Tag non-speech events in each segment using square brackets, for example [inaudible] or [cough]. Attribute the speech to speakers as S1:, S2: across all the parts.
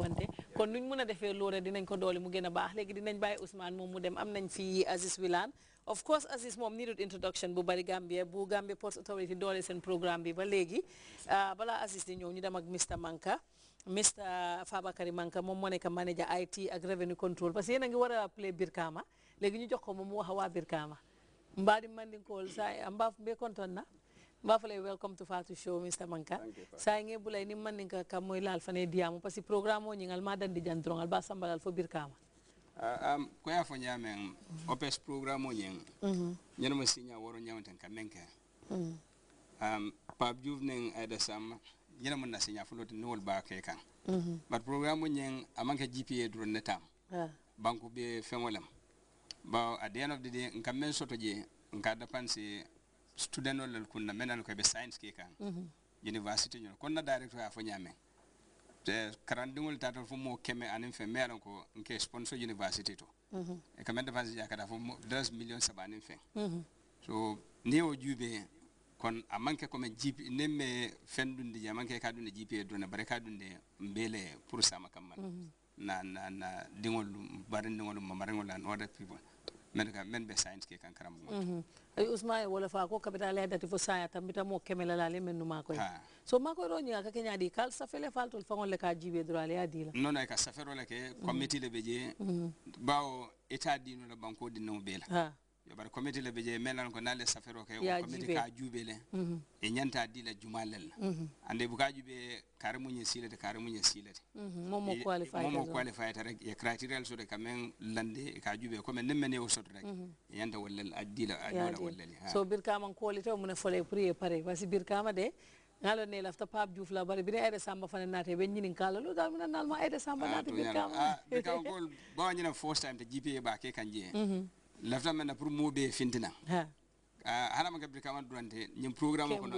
S1: wante kon nuñ mën a defee loole dinañ ko doole mu gën a baax léegi dinañ bàyyi Ousmane moom mu dem am nañ fii Aziz Wilane of course Aziz moom needed introduction bu bari Gambia bu Gambia Ports Authority doole seen programme bi ba léegi ah, balaa Aziz di ñëw ñu dem ak Mr Manka Mr Fabakary Manka moom moo nekk manager IT ak revenue control parce que yéen a ngi war a play Brikama léegi ñu jox ko moom mu wax waa Brikama mbaa di mandinkool saa mbaa mbee kontoon na mbafale welcome to fatou show mr manka sa nge bulay ni man nga kam moy lal fane diamu parce que programme ni nyingal ma di jandron al ba al fo bir kama
S2: ah am ko ya fo nyame mm-hmm. opes programme o nyen -hmm. nyen mo sinya woro nyawten kam menke -hmm. um pap juv nen ada sam ma na signa fo lot nol ba mm-hmm. ke kan -hmm. but programme o nyen amanka gpa dron netam yeah. banku be fengolam ba at the end of the day nkam men soto je nka dapansi student lol kunna menan ko be science ke kan mhm. university ñol kon na directeur ya fo ñame te karandingol tata fo mo keme anin fe melan ko nke sponsor university to mhm. e ka men defasi jaka da fo 10 million sabanin fe mhm. so ni o jube kon a manke ko men jipi ne me fendunde ya manke ka dunde jipi do na bare ka dunde mbele pour sama kamman na na na dingol barindingol mamarengol an order people men men be science ke kan karam mo
S1: mm -hmm. ay usma e wala fa ko kabita le dati fo saya tambita mo kemela la le men numa ko so ma ko ro nyi ka kenya di kal sa fele fal fa ngol le ka jibe dro ale adila
S2: non ay ka sa fero le ke mhm. committee le beje mhm. bawo eta no la banko no bela yo bar comité le beje melan ko nalle safero ke o comité ka jube le mm -hmm. e nyanta di la jumalel mm -hmm. ande bu ka jube kare munye silete kare munye silete mm -hmm. momo e, qualify momo qualify tare e criterial so de kamen lande e ka jube ko men nemme ne o sot rek mm -hmm. e nyanta wallal adila adola wallal so
S1: bir kama kolite o mun fole prier pare wasi bir kama de ngalo ne lafta pap juuf la bari bine ayda samba fana nate be nyinin kala lu dal mina
S2: lafta men ah, na pour moɓe fintina hana ma gabri kama durante ñim programme kono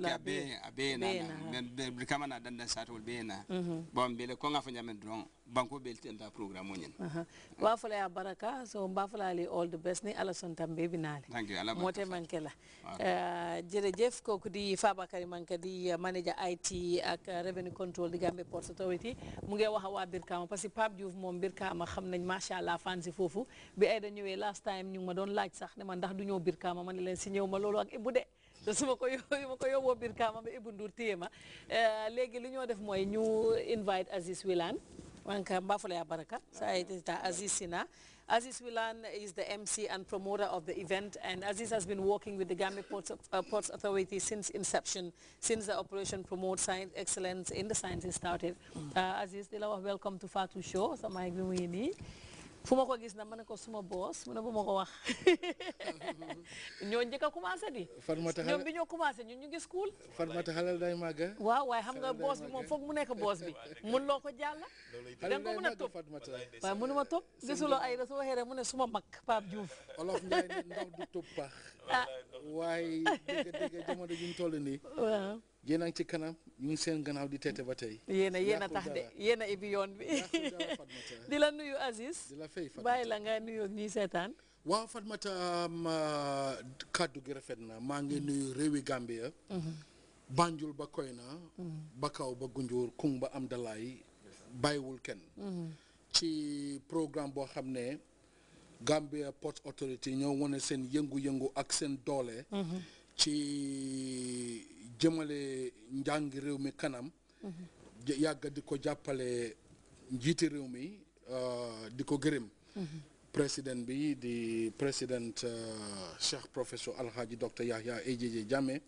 S2: lafta be abe na men gabri kama na danda satol be na mhm. bon bele ko nga fanya men banko bel tenta programme nyen
S1: wa baraka so mba fala li all the best ni ala son tambe binale
S2: thank you ala mote
S1: mankela eh, jerejef ko kudi fabakari di manager IT ak revenue control di Gambia Port Authority mu ngee wax wa birkama parce que Pape Diouf moom birkama xam nañ macha allah fan foofu bi ay da ñëwee last time ñu ma doon laaj sax ne ma ndax du ñëw birkama ma ne leen si ñëw ma loolu ak ibu de te su ma ko ma ko yóbboo ibu ndur ma eh, léegi li ñoo def mooy ñu invite Wanka Mbafole Abaraka. So it is Aziz Sina. Aziz Wilan is the MC and promoter of the event, and Aziz has been working with the Gambia Ports, uh, Ports, Authority since inception, since the operation Promote Science Excellence in the Sciences started. Aziz, hmm. Uh, Aziz, welcome to Fatu Show. So, my fu ma ko gis na ma ne ko suma boos mu ne bu ma ko wax [laughs] ñoo njëkk a commencé di ñoom bi ñoo commencé ñun ñu ngi school
S3: farmata xalal day màgga
S1: waaw waaye xam nga boos bi moom foog mu nekk boos bi mun loo ko jàlla da nga ko mën a topp waaw mënu ma topp gisuloo ay su waxee rek mu ne suma mag Pape Diouf
S3: olof njaay ndox du topp paax [laughs] ah. waaye dëgg dëgg jamono ji ñu nii yéen a ngi ci kanam ñu ngi seen gannaaw di teete ba tey. yéen a a tax de yéen ibi yoon bi [laughs] di la nuyu Aziz. fay Fatmata bàyyi la nga nuyu ñuy seetaan. waaw Fatmata ma ah, kàddu gi rafet na maa ngi nuyu réewi Gambia. Mhm. Banjul ba Koyna. Mhm. Bakaw ba Gunjur Kung ba Amdalaay bàyyiwul kenn. Mhm. ci programme boo xam ne Gambia Port Authority ñoo wane seen yëngu-yëngu ak seen doole. ci jëmale njàng réew mi kanam yàgga di ko jàppale njiiti réew mi euh, di ko gërëm président bi di président euh, cheikh professeur alhaji docteur yahya AJJ Jammeh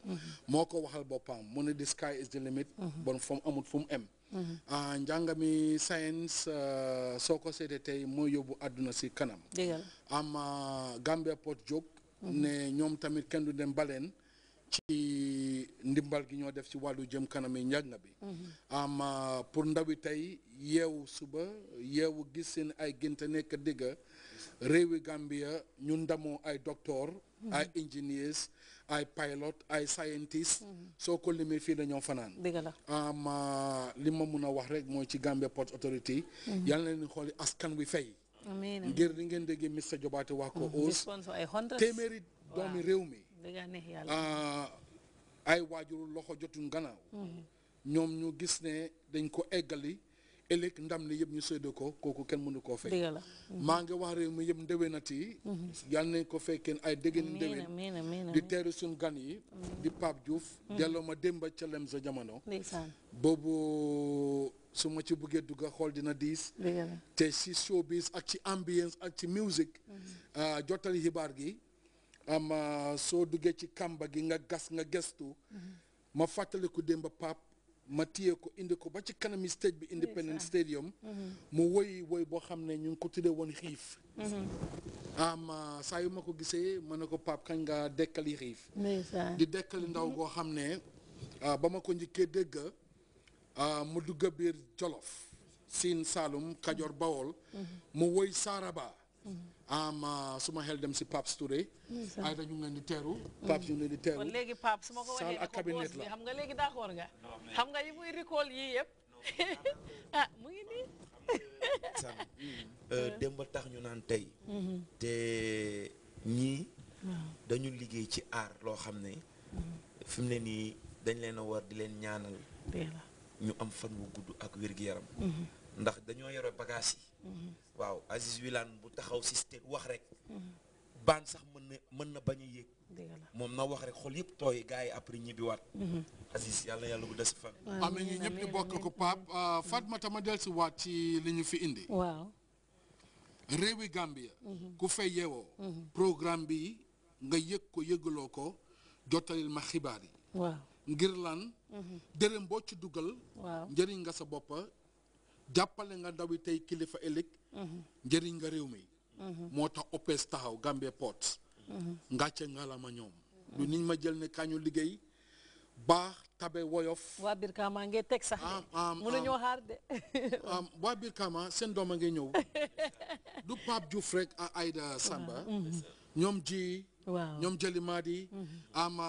S3: moo ko waxal boppam mu ne the sky is the limit bon fu amut fu mu em mhm. ah, njàngami science euh, soo ko seetee tey moo yóbbu àdduna si kanam am Gambia Port jóg ne ñoom tamit kenn du dem baleen ci ndimbal gi ñoo def ci wàllu jëm kanam yi njàng bi mhm. am ah, pour ndawi tey yeewu suba yeewu gis seen ay génte nekk digga réewi Gambia ñu ndamoo ay docteur mhm. ay ingénieurs ay pilot ay scientist mhm. soo ko limee fii dañoo fanaan am ah, li ma mun a wax rek mooy ci Gambia Port Authority yàlla na leen xooli askan wi fay amiin ngir ni ngeen déggee sa Jobaate wax ko mm, oos téeméeri doomi réew mi
S1: ah,
S3: ay waajur loxo jotuñ gannaaw mm. ñoom ñu gis ne dañ ko eggali ëllëg ndam li yëpp ñu séddoo ko kooku kenn mënu koo fekk mm. maa ngi wax réew mi yëpp ndéwénati mm-hmm. yal nañ ko fekkeen ay déggéen ndéwén di teeru suñ gan yi di Pape Diouf delloo ma démba ca lem sa jamono boobu su ma ci buggee dugg xool dina diis te si showbiz ak ci ambience ak ci music mm-hmm. ah, jottali xibaar gi am ah, soo duggee ci kamba gi nga gas nga gestu mm-hmm. ma fàttaliku démb pap ma téye ko indi ko ba ci kanami stage bi Independence Stadium mm-hmm. mu woy woy boo xam ne ñu ngi ko tuddee woon xiif am ah, saa yu ma ko gisee ma ne ko pap kañ nga dekkali xiif di dekkali ndaw goo xam ne ba ma ko njëkkee dégg Ah, mu dugg biir Jolof Siin Saalum Kajoor Bawol mu woy Saaraba am mhm. ah, suma xel dem si Pape Touré ay dañu ngeen di teeru Pape ñu ngeen di teeru kon léegi
S1: Pape su ma ak cabinet la xam nga léegi d'accord nga xam nga yi muy recall yii yëpp [laughs]
S3: ah, [laughs] euh, dem ba tax ñu naan tey mhm. te ñii dañu liggéey ci aar loo xam ne mhm. fi mu ne nii dañ leen a war di leen ñaanal ñu am fan wu gudd ak wér-gu-yaram mm-hmm. ndax dañoo yore bagage yi mm-hmm. waaw Aziz Wilane bu taxaw si state wax rek mm-hmm. baan sax mën na mën na bañ a yéeg moom na wax rek xol yëpp tooy gars yi après ñibbiwaat Aziz yàlla yàlla bu des fan amee ñu ñëpp ñu bokk ko Pape ah, Fatmata ma delsi waat ci li ñu fi indi waaw réewi Gambia ku fay yeewoo programme bi nga yëg ko yëgaloo ko jottalil ma xibaar yi ngir lan mhm. dërëm boo ci dugal njëriñ nga sa boppa jàppale nga ndawi tey kilifa opes mhm. njëriñ nga réew mi mhm. moo tax taxaw Gambia Port ngàcce ngalama du niñ ma jël ne kañu tabe woyof
S1: wabir Birkama ngee teg sax
S3: mënuñoo xaar de [laughs] waa Birkama seen [laughs] du pap Diouf rek a Samba ñoom ji ñoom jeli maa ama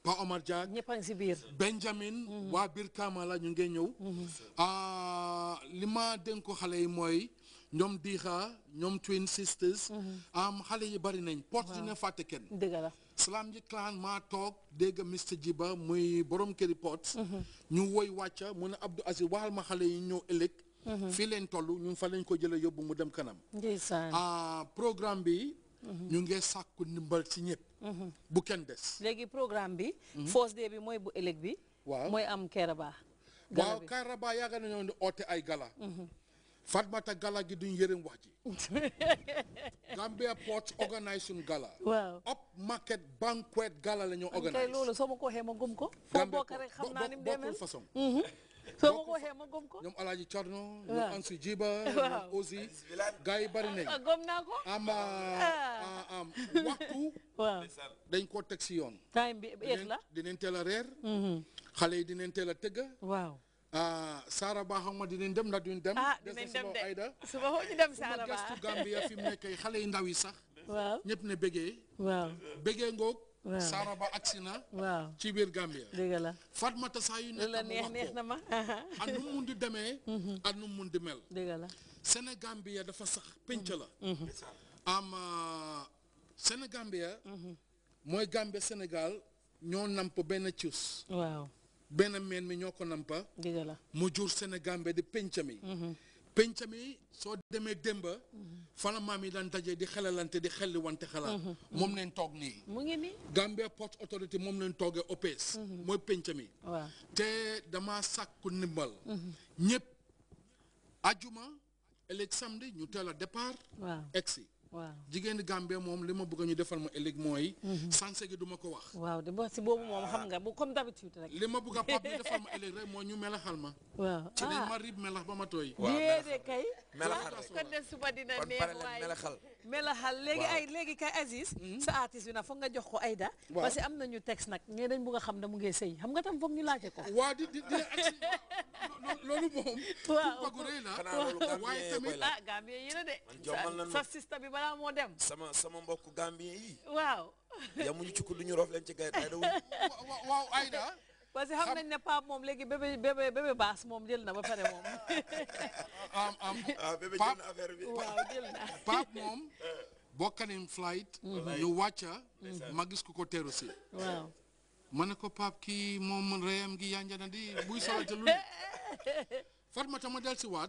S3: Pa Omar Diak ñëpp a ngi si biir Benjamin mhm. waa biir Kaamala ñu ngi ñëw mhm. ah, li ma dénk ko xale yi mooy ñoom Diixa ñoom Twin Sisters mhm. am xale yi bari nañ porte dina fàtte kenn dëgg la salaam ji clan maa toog dégg Mr Jiba muy borom këri porte ñu woy wàcca mu ne Abdou Aziz waxal ma xale yi ñëw ëllëg fii leen toll ñun fa lañ ko jëlee yóbbu mu dem kanam ah, programme bi ñu ngi sàkku ndimbal ci ñëpp. Mhm. bu kenn léegi programme bi. Mhm. first day bi mooy bu ëllëg bi. waaw mooy am Kairaba. gala bi waaw Kairaba yàgg nañoo di oote ay gala. Mhm. Fatmata gala gi duñ yërëm wax ji. [laughs] Gambia Ports organisation gala. up market banquet gala la ñu organise. loolu soo ma ko ma gëm
S1: ko. foo bokk rek xam naa ni mu
S3: soo ma ko waxee gom ko ñoom alaaji Thierno ñoom Ansu Jiba [laughs] ñoom yi bari nañ ah,
S1: gom naa ko am ah,
S3: ah. waxtu [laughs] dañ koo teg si yoon time bi eeg la dinañ teel a reer mm-hmm. xale yi dinañ teel a tëgga waaw Saara Ba xam nga dinañ dem ndax duñ dem ah dinañ dem de Aida suba xoo dem Saara Ba gastu Gambia fi mu nekk xale yi ndaw yi sax [laughs] waaw ñëpp ne bégee waaw ngoog Sara Ba agsi na ci biir Gambia dëgg la Fatmata saa yu nekk la neex neex na ma ak nu mun di demee [laughs] mhm. ak nu mun di mel dëgg la Sénégambia dafa sax pénc la mhm. Mhm. am ah, Sénégambia mooy Gambia Sénégal ñoo namp benn cuus benn meen mi ñoo ko nampa dëgg la mu jur Sénégambia di pénc mi penc mi soo demee démba fala maam yi daan daje di xelalante di xelli wante xalaat mhm. Mhm. moom leen toog nii mu ngi nii Gambia Port Authority moom leen toogee OPS mhm. mooy penc mi waaw te dama sàkku ndimbal ñëpp ajuma ëllëg samedi ñu teel a départ waaw jigéenu Gambie moom li ma bëgg ñu defal ma ëllëg mooy. Mhm. sanse gi du ma ko wax. waaw de si boobu moom xam nga bu comme d'habitude rek. li ma bëgg a pap ñu [laughs] defal ma ëllëg rek mooy ñu melaxal ma.
S1: waaw ci li ah. ma
S3: rib melax ba ma tooy. waaw melaxal
S1: déedéet kay. melaxal a ne
S3: suba dina neex waay
S1: melaxal léegi ay léegi kay Aziz hmm? sa artiste bi nag foog nga jox ko Aida parce que am nañu texte nag ñee dañ bugg a xam da mu ngee sëy xam nga tam foog ñu laajte ko [laughs] waaw di di loolu moom [laughs] waaw bëggu
S3: rëy la waaye tamit ah
S1: yi la de sa
S3: sista bi balaa moo dem sama sama mbokk gambien yi waaw yamuñu cukku duñu rof leen ci gay Aida
S1: [laughs] waaw Aida parce que xam nañ ne moom léegi bébé
S3: flight. Mhm. ñu wàcca ma gis ko ko teeru ko Pape kii moom reyam gi yànja na di buy solo te lu ne [laughs] Fatma tam ma